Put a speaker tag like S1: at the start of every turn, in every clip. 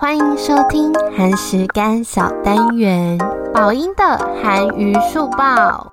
S1: 歡迎收聽韓食柑小單元，飽英的韓娛速報。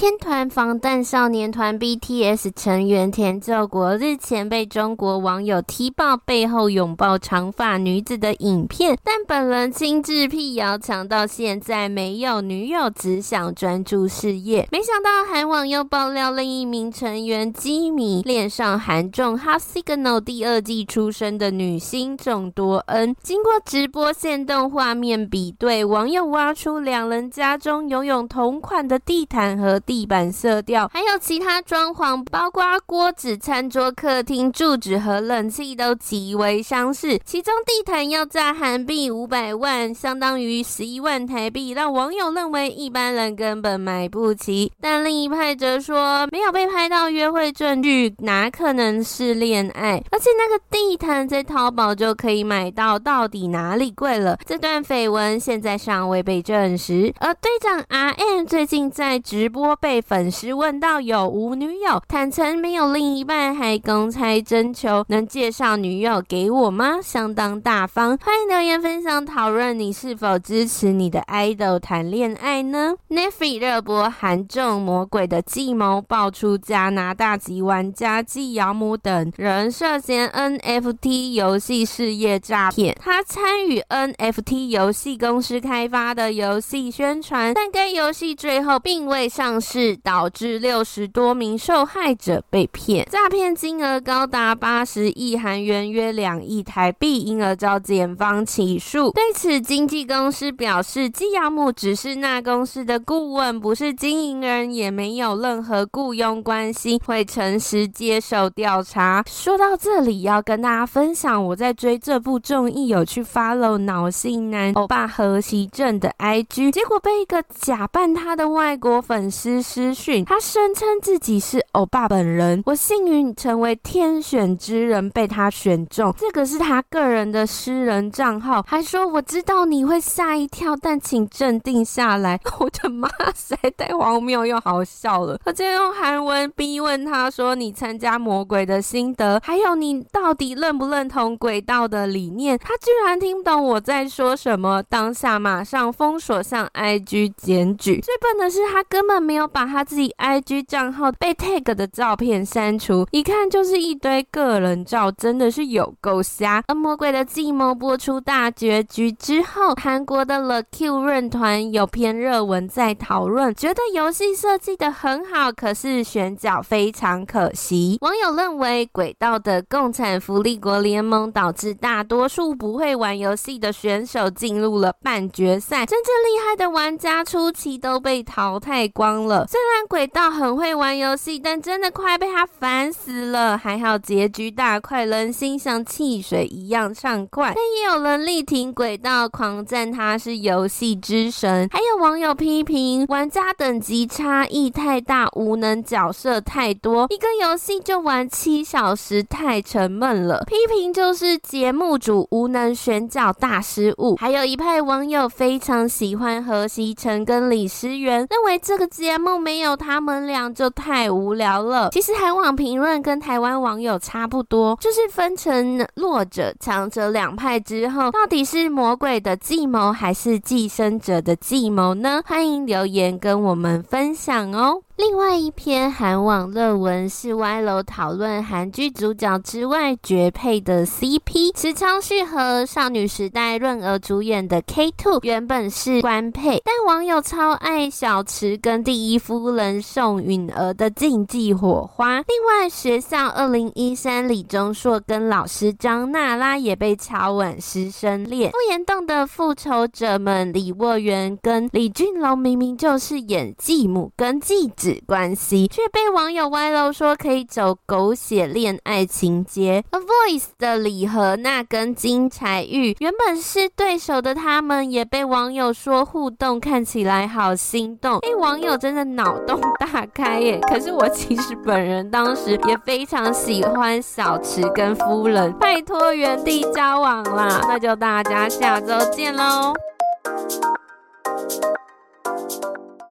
S1: 天團防彈少年團 BTS 成員田柾國日前被中國網友踢爆背後擁抱長髮女子的影片，但本人親自闢謠，強調現在沒有女友，只想專注事業。沒想到韓網又爆料另一名成員 Jimin 戀上韓綜《Heart Signal》第二季出身的女星宋多恩。經過直播限動畫面比對，網友挖出兩人家中擁有同款的地毯和。地板色調，還有其他裝潢，包括鍋子、餐桌、客廳、柱子和冷氣都極為相似。其中地毯要價韓幣五百萬，相當於十一萬台幣，讓網友認為一般人根本買不起。但另一派則說，沒有被拍到約會證據，哪可能是戀愛？而且那個地毯在淘寶就可以買到，到底哪裡貴了？這段緋聞現在尚未被證實。而隊長 RM 最近在直播。被粉絲問到有無女友，坦承沒有另一半，還公開徵求，能介紹女友給我嗎？相當大方，歡迎留言分享討論，你是否支持你的 idol 談戀愛呢？Netflix 熱播韓綜魔鬼的計謀爆出，加拿大籍玩家紀堯姆等人涉嫌 NFT 遊戲事業詐騙，他參與 NFT 遊戲公司開發的遊戲宣傳，但該遊戲最後並未上市，是導致六十多名受害者被騙，詐騙金額高達八十億韓元，約兩億台幣，因而遭檢方起訴。對此，經紀公司表示，繼亞母只是那公司的顧問，不是經營人，也沒有任何僱傭關係，會誠實接受調查。說到這裡，要跟大家分享，我在追這部綜藝，有去 follow 腦性男歐巴河錫辰的 IG，結果被一個假扮他的外國粉絲。私訊他，聲稱自己是歐巴本人，我幸運成為天選之人被他選中。這個是他個人的私人賬號，還說我知道你會嚇一跳，但請鎮定下來。我的媽塞，太荒謬又好笑了。他竟然用韓文逼問他說：“你參加魔鬼的心得，還有你到底認不認同鬼道的理念？”他居然聽不懂我在說什麼，當下馬上封鎖向 IG 檢舉。最笨的是他根本沒有。把他自己 IG 賬號被 tag 的照片刪除，一看就是一堆個人照，真的是有夠瞎。而《魔鬼的計謀》播出大結局之後，韓國的 theqoo 論壇有篇熱文在討論，覺得遊戲設計的很好，可是選角非常可惜。網友認為，軌道的共產福利國聯盟導致大多數不會玩遊戲的選手進入了半決賽，真正厲害的玩家初期都被淘汰光了。雖然軌道很會玩遊戲，但真的快被他煩死了。還好結局大快人心，像汽水一樣暢快。但也有人力挺軌道，狂讚他是遊戲之神。還有。網友批評玩家等級差異太大，無能角色太多，一個遊戲就玩七小時太沉悶了。批評就是節目組無能選角大失誤。還有一派網友非常喜歡河錫辰跟李詩源，認為這個節目沒有他們倆就太無聊了。其實韓網評論跟台灣網友差不多，就是分成弱者、強者兩派之後，到底是魔鬼的計謀還是寄生者的計謀？呢，歡迎留言跟我們分享哦。另外一篇韓網論文是歪樓討論韓劇主角之外絕配的 CP，池昌旭和少女時代潤娥主演的 K2 原本是官配，但網友超愛小池跟第一夫人宋允兒的禁忌火花。另外，學校2013李鍾碩跟老師張娜拉也被敲碗師生戀。付岩洞的復仇者們李沃源跟李俊龍明明就是演繼母跟繼子。關係卻被網友歪樓說可以走狗血戀愛情節，A Voice 的李荷娜跟金彩玉原本是對手的他們也被網友說互動看起來好心動，哎，網友真的腦洞大開耶！可是我其實本人當時也非常喜歡小池跟夫人，拜托原地交往啦，那就大家下周見嘍。